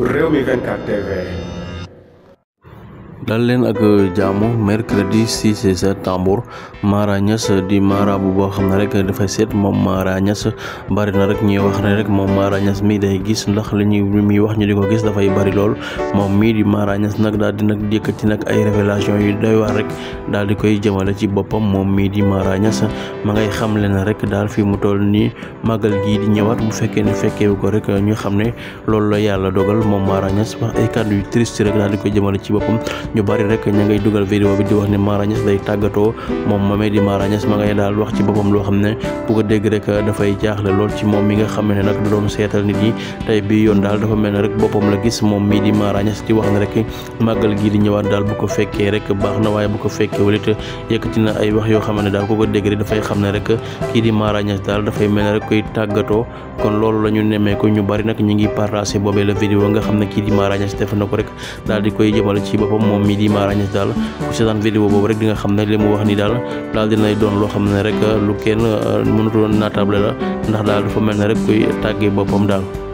Rewmi 24 TV dal leen ak euh, jaamu mercredi 6 septembre Mara Niass di marabu boo xam ne rek dafay seet moom Mara Niass bari na rek ñuy wax ne rek moom Mara Niass mii day gis ndax li ñuy li muy wax ñu di ko gis dafay bari lool moom mii di Mara nag daal di nag yëkkati nag ay révélation yu day waar rek daal di koy jëmale ci boppam moom mii di Mara Niass ma ngay xam leen rek daal fi mu toll nii màggal gii di ñëwaat bu fekkee ne fekkee ko rek ñu xam ne loolu la yàlla dogal moom Mara Niass wax ay kàddu yu triste rek daal di koy jëmale ci boppam. ñu bari rek ña ngay duggal vidéo bi di wax ni marañas day tagato mom mamee di marañas ma ngay dal wax ci bopam lo xamné bu ko dégg rek da fay jaaxle lool ci mom mi nga xamné nak nag da doon seetal nit yi tay bi yoon dal dafa mel rek bopam la gis mom mi di marañas di wax ne rek magal gi di ñëwaat dal bu ko fekkee rek baax na waaye bu ko fekkee walit yëkëti ya na ay wax yo ya xamné dal ko ko dégg rek da fay xamné rek ki di dal da fay mel rek koy tagato kon lool la ñu ko ñu bari nak ñi ngi partagé bobé la vidéo nga xamné ki di marañas def na ko rek dal di koy jëmal ci bopam moom moom mii di Mara Niass daal ku seetaan vidéo boobu rek di nga xam ne li mu wax ni daal daal dinay doon loo xam ne rek lu kenn euh, mënutoon naatable la ndax daal dafa mel ne rek kuy tàggee boppam daal